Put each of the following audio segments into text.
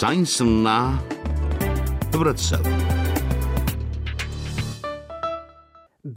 ሳይንስና ህብረተሰብ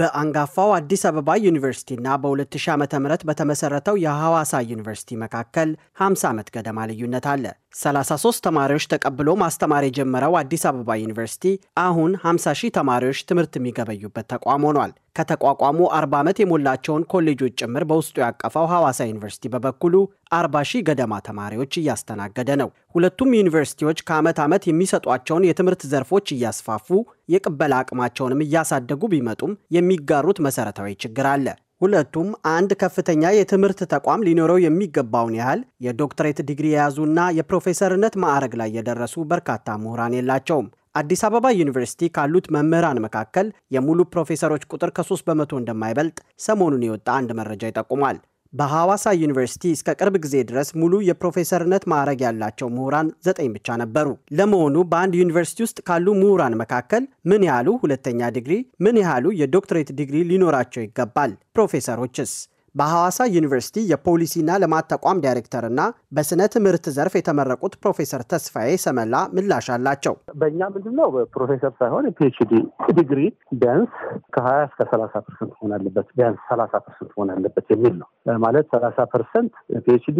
በአንጋፋው አዲስ አበባ ዩኒቨርሲቲና በ2000 ዓ ም በተመሠረተው የሐዋሳ ዩኒቨርሲቲ መካከል 50 ዓመት ገደማ ልዩነት አለ። 33 ተማሪዎች ተቀብሎ ማስተማር የጀመረው አዲስ አበባ ዩኒቨርሲቲ አሁን 50 ሺህ ተማሪዎች ትምህርት የሚገበዩበት ተቋም ሆኗል። ከተቋቋሙ 40 ዓመት የሞላቸውን ኮሌጆች ጭምር በውስጡ ያቀፈው ሐዋሳ ዩኒቨርሲቲ በበኩሉ 40 ሺህ ገደማ ተማሪዎች እያስተናገደ ነው። ሁለቱም ዩኒቨርሲቲዎች ከዓመት ዓመት የሚሰጧቸውን የትምህርት ዘርፎች እያስፋፉ የቅበላ አቅማቸውንም እያሳደጉ ቢመጡም የሚጋሩት መሠረታዊ ችግር አለ። ሁለቱም አንድ ከፍተኛ የትምህርት ተቋም ሊኖረው የሚገባውን ያህል የዶክትሬት ዲግሪ የያዙና የፕሮፌሰርነት ማዕረግ ላይ የደረሱ በርካታ ምሁራን የላቸውም። አዲስ አበባ ዩኒቨርሲቲ ካሉት መምህራን መካከል የሙሉ ፕሮፌሰሮች ቁጥር ከ3 በመቶ እንደማይበልጥ ሰሞኑን የወጣ አንድ መረጃ ይጠቁማል። በሐዋሳ ዩኒቨርሲቲ እስከ ቅርብ ጊዜ ድረስ ሙሉ የፕሮፌሰርነት ማዕረግ ያላቸው ምሁራን ዘጠኝ ብቻ ነበሩ። ለመሆኑ በአንድ ዩኒቨርሲቲ ውስጥ ካሉ ምሁራን መካከል ምን ያህሉ ሁለተኛ ዲግሪ፣ ምን ያህሉ የዶክትሬት ዲግሪ ሊኖራቸው ይገባል? ፕሮፌሰሮችስ? በሐዋሳ ዩኒቨርሲቲ የፖሊሲና ልማት ተቋም ዳይሬክተርና በስነ ትምህርት ዘርፍ የተመረቁት ፕሮፌሰር ተስፋዬ ሰመላ ምላሽ አላቸው። በእኛ ምንድን ነው ፕሮፌሰር ሳይሆን ፒኤችዲ ዲግሪ ቢያንስ ከሀያ እስከ ሰላሳ ፐርሰንት መሆን አለበት፣ ቢያንስ ሰላሳ ፐርሰንት መሆን አለበት የሚል ነው። ማለት ሰላሳ ፐርሰንት ፒኤችዲ፣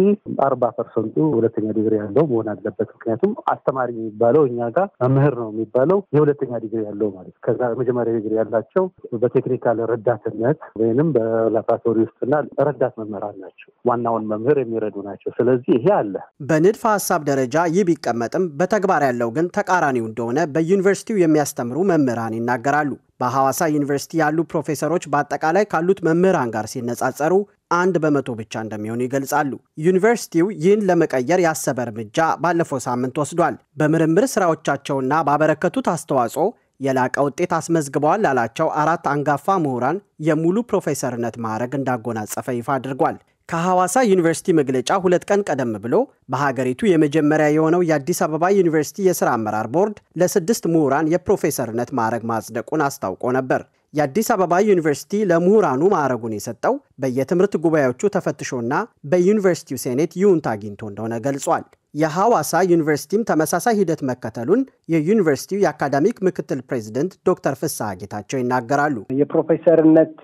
አርባ ፐርሰንቱ ሁለተኛ ዲግሪ ያለው መሆን አለበት። ምክንያቱም አስተማሪ የሚባለው እኛ ጋር መምህር ነው የሚባለው የሁለተኛ ዲግሪ ያለው ማለት ከዛ መጀመሪያ ዲግሪ ያላቸው በቴክኒካል ረዳትነት ወይንም በላብራቶሪ ውስጥና መምህራን ረዳት መምህራን ናቸው። ዋናውን መምህር የሚረዱ ናቸው። ስለዚህ ይሄ አለ። በንድፈ ሀሳብ ደረጃ ይህ ቢቀመጥም በተግባር ያለው ግን ተቃራኒው እንደሆነ በዩኒቨርሲቲው የሚያስተምሩ መምህራን ይናገራሉ። በሐዋሳ ዩኒቨርሲቲ ያሉ ፕሮፌሰሮች በአጠቃላይ ካሉት መምህራን ጋር ሲነጻጸሩ አንድ በመቶ ብቻ እንደሚሆኑ ይገልጻሉ። ዩኒቨርሲቲው ይህን ለመቀየር ያሰበ እርምጃ ባለፈው ሳምንት ወስዷል። በምርምር ስራዎቻቸውና ባበረከቱት አስተዋጽኦ የላቀ ውጤት አስመዝግበዋል ላላቸው አራት አንጋፋ ምሁራን የሙሉ ፕሮፌሰርነት ማዕረግ እንዳጎናጸፈ ይፋ አድርጓል። ከሐዋሳ ዩኒቨርሲቲ መግለጫ ሁለት ቀን ቀደም ብሎ በሀገሪቱ የመጀመሪያ የሆነው የአዲስ አበባ ዩኒቨርሲቲ የሥራ አመራር ቦርድ ለስድስት ምሁራን የፕሮፌሰርነት ማዕረግ ማጽደቁን አስታውቆ ነበር። የአዲስ አበባ ዩኒቨርሲቲ ለምሁራኑ ማዕረጉን የሰጠው በየትምህርት ጉባኤዎቹ ተፈትሾና በዩኒቨርሲቲው ሴኔት ይሁንታ አግኝቶ እንደሆነ ገልጿል። የሐዋሳ ዩኒቨርሲቲም ተመሳሳይ ሂደት መከተሉን የዩኒቨርሲቲው የአካዳሚክ ምክትል ፕሬዚደንት ዶክተር ፍስሐ ጌታቸው ይናገራሉ። የፕሮፌሰርነት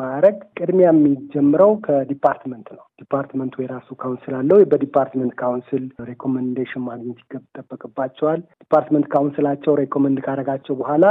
ማዕረግ ቅድሚያ የሚጀምረው ከዲፓርትመንት ነው። ዲፓርትመንቱ የራሱ ካውንስል አለው። በዲፓርትመንት ካውንስል ሬኮመንዴሽን ማግኘት ይጠበቅባቸዋል። ዲፓርትመንት ካውንስላቸው ሬኮመንድ ካረጋቸው በኋላ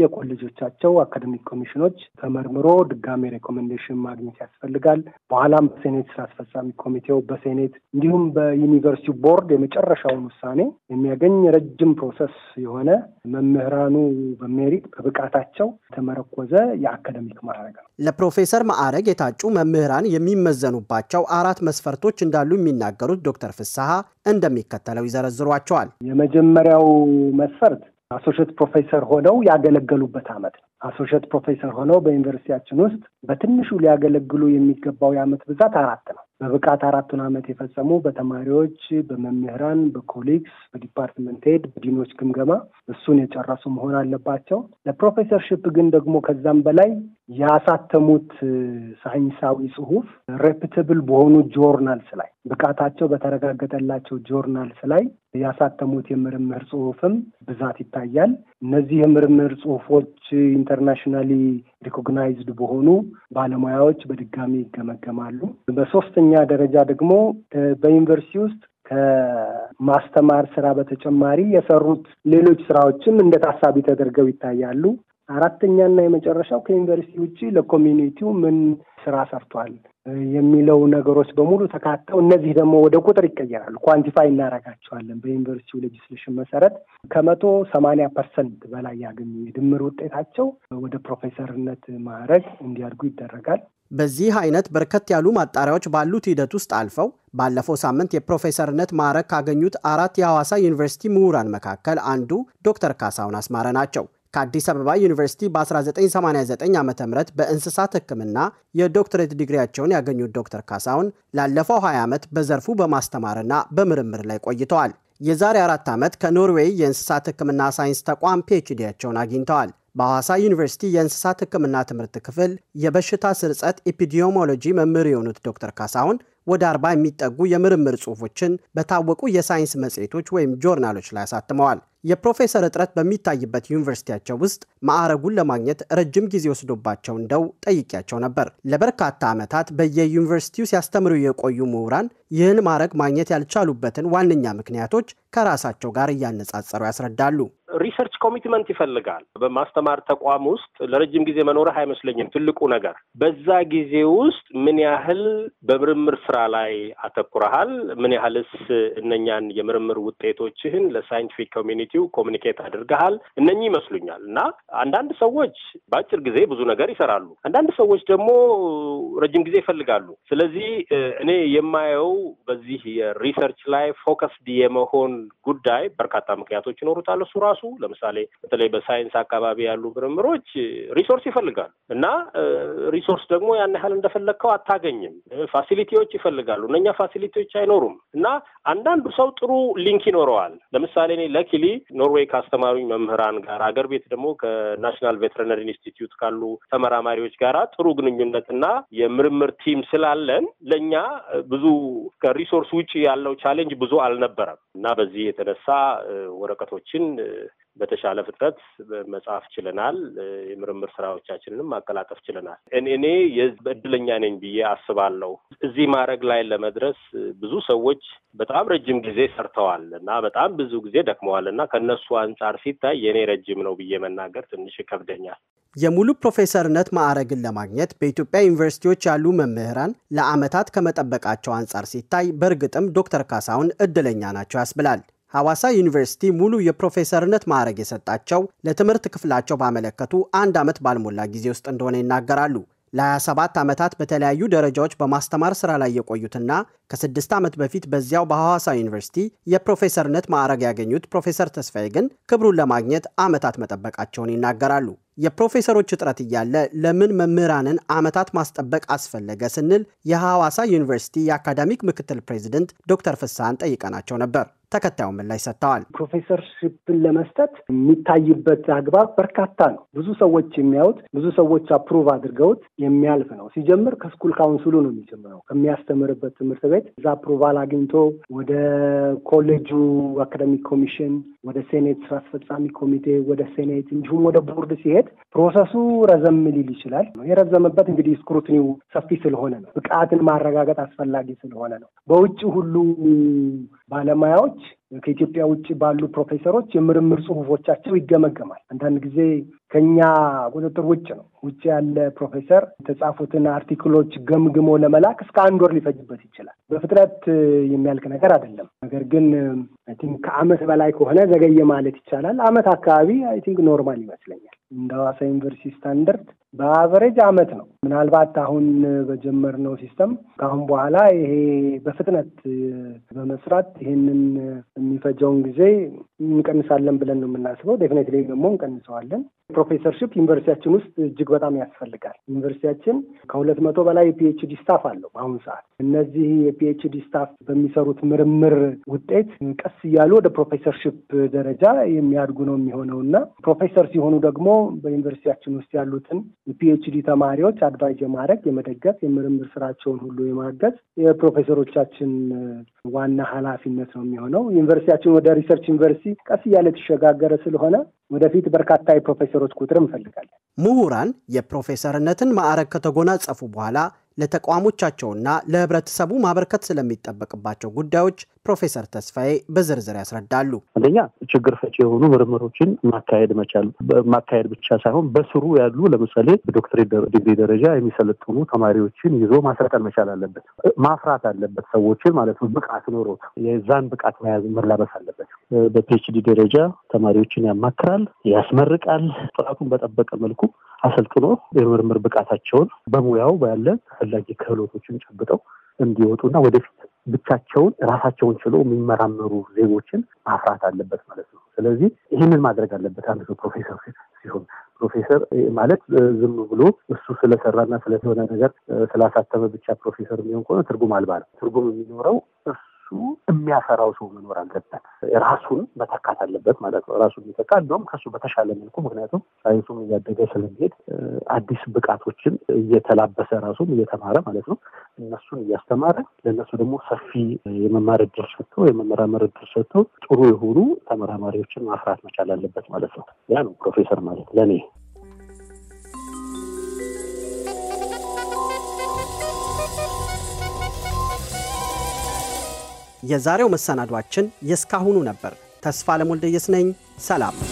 የኮሌጆቻቸው አካደሚክ ኮሚሽኖች ተመርምሮ ድጋሜ ሬኮሜንዴሽን ማግኘት ያስፈልጋል። በኋላም በሴኔት ስራ አስፈጻሚ ኮሚቴው፣ በሴኔት እንዲሁም በዩኒቨርሲቲ ቦርድ የመጨረሻውን ውሳኔ የሚያገኝ ረጅም ፕሮሰስ የሆነ መምህራኑ በሜሪት በብቃታቸው የተመረኮዘ የአካደሚክ ማዕረግ ነው። ለፕሮፌሰር ማዕረግ የታጩ መምህራን የሚመዘኑባቸው አራት መስፈርቶች እንዳሉ የሚናገሩት ዶክተር ፍስሐ እንደሚከተለው ይዘረዝሯቸዋል። የመጀመሪያው መስፈርት አሶሽት ፕሮፌሰር ሆነው ያገለገሉበት አመት ነው። አሶሽት ፕሮፌሰር ሆነው በዩኒቨርሲቲያችን ውስጥ በትንሹ ሊያገለግሉ የሚገባው የአመት ብዛት አራት ነው። በብቃት አራቱን አመት የፈጸሙ በተማሪዎች፣ በመምህራን፣ በኮሊግስ፣ በዲፓርትመንት ሄድ፣ በዲኖች ግምገማ እሱን የጨረሱ መሆን አለባቸው። ለፕሮፌሰርሽፕ ግን ደግሞ ከዛም በላይ ያሳተሙት ሳይንሳዊ ጽሁፍ ሬፕተብል በሆኑ ጆርናልስ ላይ ብቃታቸው በተረጋገጠላቸው ጆርናልስ ላይ ያሳተሙት የምርምር ጽሁፍም ብዛት ይታያል። እነዚህ የምርምር ጽሁፎች ኢንተርናሽናሊ ሪኮግናይዝድ በሆኑ ባለሙያዎች በድጋሚ ይገመገማሉ። በሶስተኛ ደረጃ ደግሞ በዩኒቨርሲቲ ውስጥ ከማስተማር ስራ በተጨማሪ የሰሩት ሌሎች ስራዎችም እንደ ታሳቢ ተደርገው ይታያሉ። አራተኛና የመጨረሻው ከዩኒቨርሲቲ ውጭ ለኮሚኒቲው ምን ስራ ሰርቷል የሚለው ነገሮች በሙሉ ተካተው እነዚህ ደግሞ ወደ ቁጥር ይቀየራሉ። ኳንቲፋይ እናረጋቸዋለን። በዩኒቨርሲቲው ሌጅስሌሽን መሰረት ከመቶ ሰማኒያ ፐርሰንት በላይ ያገኙ የድምር ውጤታቸው ወደ ፕሮፌሰርነት ማዕረግ እንዲያድጉ ይደረጋል። በዚህ አይነት በርከት ያሉ ማጣሪያዎች ባሉት ሂደት ውስጥ አልፈው ባለፈው ሳምንት የፕሮፌሰርነት ማዕረግ ካገኙት አራት የሐዋሳ ዩኒቨርሲቲ ምሁራን መካከል አንዱ ዶክተር ካሳውን አስማረ ናቸው። ከአዲስ አበባ ዩኒቨርሲቲ በ1989 ዓ ም በእንስሳት ሕክምና የዶክትሬት ዲግሪያቸውን ያገኙት ዶክተር ካሳውን ላለፈው 20 ዓመት በዘርፉ በማስተማርና በምርምር ላይ ቆይተዋል። የዛሬ አራት ዓመት ከኖርዌይ የእንስሳት ሕክምና ሳይንስ ተቋም ፒኤችዲያቸውን አግኝተዋል። በሐዋሳ ዩኒቨርሲቲ የእንስሳት ሕክምና ትምህርት ክፍል የበሽታ ስርጸት ኤፒዲዮሞሎጂ መምህር የሆኑት ዶክተር ካሳሁን ወደ አርባ የሚጠጉ የምርምር ጽሑፎችን በታወቁ የሳይንስ መጽሔቶች ወይም ጆርናሎች ላይ አሳትመዋል። የፕሮፌሰር እጥረት በሚታይበት ዩኒቨርሲቲያቸው ውስጥ ማዕረጉን ለማግኘት ረጅም ጊዜ ወስዶባቸው እንደው ጠይቂያቸው ነበር። ለበርካታ ዓመታት በየዩኒቨርሲቲው ሲያስተምሩ የቆዩ ምሁራን ይህን ማዕረግ ማግኘት ያልቻሉበትን ዋነኛ ምክንያቶች ከራሳቸው ጋር እያነጻጸሩ ያስረዳሉ። ሪሰርች ኮሚትመንት ይፈልጋል። በማስተማር ተቋም ውስጥ ለረጅም ጊዜ መኖርህ አይመስለኝም። ትልቁ ነገር በዛ ጊዜ ውስጥ ምን ያህል በምርምር ስራ ላይ አተኩረሃል፣ ምን ያህልስ እነኛን የምርምር ውጤቶችህን ለሳይንቲፊክ ኮሚኒቲው ኮሚኒኬት አድርገሃል፣ እነኚህ ይመስሉኛል። እና አንዳንድ ሰዎች በአጭር ጊዜ ብዙ ነገር ይሰራሉ፣ አንዳንድ ሰዎች ደግሞ ረጅም ጊዜ ይፈልጋሉ። ስለዚህ እኔ የማየው በዚህ የሪሰርች ላይ ፎከስድ የመሆን ጉዳይ በርካታ ምክንያቶች ይኖሩታል እሱ ራሱ ራሱ ለምሳሌ በተለይ በሳይንስ አካባቢ ያሉ ምርምሮች ሪሶርስ ይፈልጋሉ እና ሪሶርስ ደግሞ ያን ያህል እንደፈለግከው አታገኝም። ፋሲሊቲዎች ይፈልጋሉ። እነኛ ፋሲሊቲዎች አይኖሩም እና አንዳንዱ ሰው ጥሩ ሊንክ ይኖረዋል። ለምሳሌ እኔ ለኪሊ ኖርዌይ ካስተማሩኝ መምህራን ጋር አገር ቤት ደግሞ ከናሽናል ቬትረነሪ ኢንስቲትዩት ካሉ ተመራማሪዎች ጋር ጥሩ ግንኙነትና የምርምር ቲም ስላለን ለእኛ ብዙ ከሪሶርስ ውጭ ያለው ቻሌንጅ ብዙ አልነበረም እና በዚህ የተነሳ ወረቀቶችን በተሻለ ፍጥነት መጽሐፍ ችለናል። የምርምር ስራዎቻችንንም ማቀላጠፍ ችለናል። እኔ እድለኛ ነኝ ብዬ አስባለሁ። እዚህ ማድረግ ላይ ለመድረስ ብዙ ሰዎች በጣም ረጅም ጊዜ ሰርተዋል እና በጣም ብዙ ጊዜ ደክመዋል እና ከእነሱ አንጻር ሲታይ የእኔ ረጅም ነው ብዬ መናገር ትንሽ ይከብደኛል። የሙሉ ፕሮፌሰርነት ማዕረግን ለማግኘት በኢትዮጵያ ዩኒቨርሲቲዎች ያሉ መምህራን ለአመታት ከመጠበቃቸው አንጻር ሲታይ በእርግጥም ዶክተር ካሳሁን እድለኛ ናቸው ያስብላል። ሐዋሳ ዩኒቨርሲቲ ሙሉ የፕሮፌሰርነት ማዕረግ የሰጣቸው ለትምህርት ክፍላቸው ባመለከቱ አንድ ዓመት ባልሞላ ጊዜ ውስጥ እንደሆነ ይናገራሉ። ለ27 ዓመታት በተለያዩ ደረጃዎች በማስተማር ስራ ላይ የቆዩትና ከስድስት ዓመት በፊት በዚያው በሐዋሳ ዩኒቨርሲቲ የፕሮፌሰርነት ማዕረግ ያገኙት ፕሮፌሰር ተስፋዬ ግን ክብሩን ለማግኘት ዓመታት መጠበቃቸውን ይናገራሉ። የፕሮፌሰሮች እጥረት እያለ ለምን መምህራንን ዓመታት ማስጠበቅ አስፈለገ ስንል የሐዋሳ ዩኒቨርሲቲ የአካዳሚክ ምክትል ፕሬዚደንት ዶክተር ፍሳን ጠይቀናቸው ነበር። ተከታዩ ምላሽ ሰጥተዋል። ፕሮፌሰርሽፕን ለመስጠት የሚታይበት አግባብ በርካታ ነው። ብዙ ሰዎች የሚያዩት ብዙ ሰዎች አፕሩቭ አድርገውት የሚያልፍ ነው። ሲጀምር ከስኩል ካውንስሉ ነው የሚጀምረው ከሚያስተምርበት ትምህርት ቤት እዛ አፕሩቫል አግኝቶ ወደ ኮሌጁ አካደሚክ ኮሚሽን፣ ወደ ሴኔት ስራ አስፈጻሚ ኮሚቴ፣ ወደ ሴኔት እንዲሁም ወደ ቦርድ ሲሄድ ፕሮሰሱ ረዘም ሊል ይችላል። የረዘመበት እንግዲህ ስክሩትኒው ሰፊ ስለሆነ ነው። ብቃትን ማረጋገጥ አስፈላጊ ስለሆነ ነው። በውጭ ሁሉ ባለሙያዎች ከኢትዮጵያ ውጭ ባሉ ፕሮፌሰሮች የምርምር ጽሁፎቻቸው ይገመገማል። አንዳንድ ጊዜ ከኛ ቁጥጥር ውጭ ነው። ውጭ ያለ ፕሮፌሰር የተጻፉትን አርቲክሎች ገምግሞ ለመላክ እስከ አንድ ወር ሊፈጅበት ይችላል። በፍጥነት የሚያልቅ ነገር አይደለም። ነገር ግን አይ ቲንክ ከአመት በላይ ከሆነ ዘገየ ማለት ይቻላል። አመት አካባቢ አይ ቲንክ ኖርማል ይመስለኛል። እንደ ሐዋሳ ዩኒቨርሲቲ ስታንደርድ በአቨሬጅ አመት ነው። ምናልባት አሁን በጀመርነው ሲስተም ከአሁን በኋላ ይሄ በፍጥነት በመስራት ይሄንን የሚፈጀውን ጊዜ እንቀንሳለን ብለን ነው የምናስበው። ዴፊኔትሊ ደግሞ እንቀንሰዋለን። ፕሮፌሰርሽፕ ዩኒቨርሲቲያችን ውስጥ እጅግ በጣም ያስፈልጋል። ዩኒቨርሲቲያችን ከሁለት መቶ በላይ የፒኤችዲ ስታፍ አለው በአሁኑ ሰዓት። እነዚህ የፒኤችዲ ስታፍ በሚሰሩት ምርምር ውጤት ቀስ እያሉ ወደ ፕሮፌሰርሽፕ ደረጃ የሚያድጉ ነው የሚሆነው እና ፕሮፌሰር ሲሆኑ ደግሞ በዩኒቨርሲቲያችን ውስጥ ያሉትን የፒኤችዲ ተማሪዎች አድቫይዝ የማድረግ የመደገፍ፣ የምርምር ስራቸውን ሁሉ የማገዝ የፕሮፌሰሮቻችን ዋና ኃላፊነት ነው የሚሆነው። ዩኒቨርሲቲያችን ወደ ሪሰርች ዩኒቨርሲቲ ቀስ እያለ የተሸጋገረ ስለሆነ ወደፊት በርካታ የፕሮፌሰሮች ቁጥር እንፈልጋለን። ምሁራን የፕሮፌሰርነትን ማዕረግ ከተጎናጸፉ በኋላ ለተቋሞቻቸውና ለህብረተሰቡ ማበርከት ስለሚጠበቅባቸው ጉዳዮች ፕሮፌሰር ተስፋዬ በዝርዝር ያስረዳሉ። አንደኛ ችግር ፈጪ የሆኑ ምርምሮችን ማካሄድ መቻል፣ ማካሄድ ብቻ ሳይሆን በስሩ ያሉ ለምሳሌ በዶክትሬት ዲግሪ ደረጃ የሚሰለጥኑ ተማሪዎችን ይዞ ማሰልጠን መቻል አለበት። ማፍራት አለበት ሰዎችን ማለት ነው። ብቃት ኖሮት የዛን ብቃት መያዝ መላበስ አለበት። በፒኤችዲ ደረጃ ተማሪዎችን ያማክራል፣ ያስመርቃል፣ ጥራቱን በጠበቀ መልኩ አሰልጥኖ የምርምር ብቃታቸውን በሙያው ያለ ተፈላጊ ክህሎቶችን ጨብጠው እንዲወጡና ወደፊት ብቻቸውን ራሳቸውን ችሎ የሚመራመሩ ዜጎችን ማፍራት አለበት ማለት ነው። ስለዚህ ይህንን ማድረግ አለበት አንድ ሰው ፕሮፌሰር ሲሆን ፕሮፌሰር ማለት ዝም ብሎ እሱ ስለሰራና ስለሆነ ነገር ስላሳተመ ብቻ ፕሮፌሰር የሚሆን ከሆነ ትርጉም አልባ ነው። ትርጉም የሚኖረው የሚያፈራው ሰው መኖር አለበት። ራሱን መተካት አለበት ማለት ነው። ራሱን የሚተካ እንደውም ከሱ በተሻለ መልኩ ምክንያቱም ሳይንሱም እያደገ ስለሚሄድ አዲስ ብቃቶችን እየተላበሰ ራሱም እየተማረ ማለት ነው እነሱን እያስተማረ ለእነሱ ደግሞ ሰፊ የመማር እድል ሰጥቶ የመመራመር እድል ሰጥቶ ጥሩ የሆኑ ተመራማሪዎችን ማፍራት መቻል አለበት ማለት ነው። ያ ነው ፕሮፌሰር ማለት ለእኔ የዛሬው መሰናዷችን የእስካሁኑ ነበር። ተስፋ ለሞልደየስ ነኝ። ሰላም።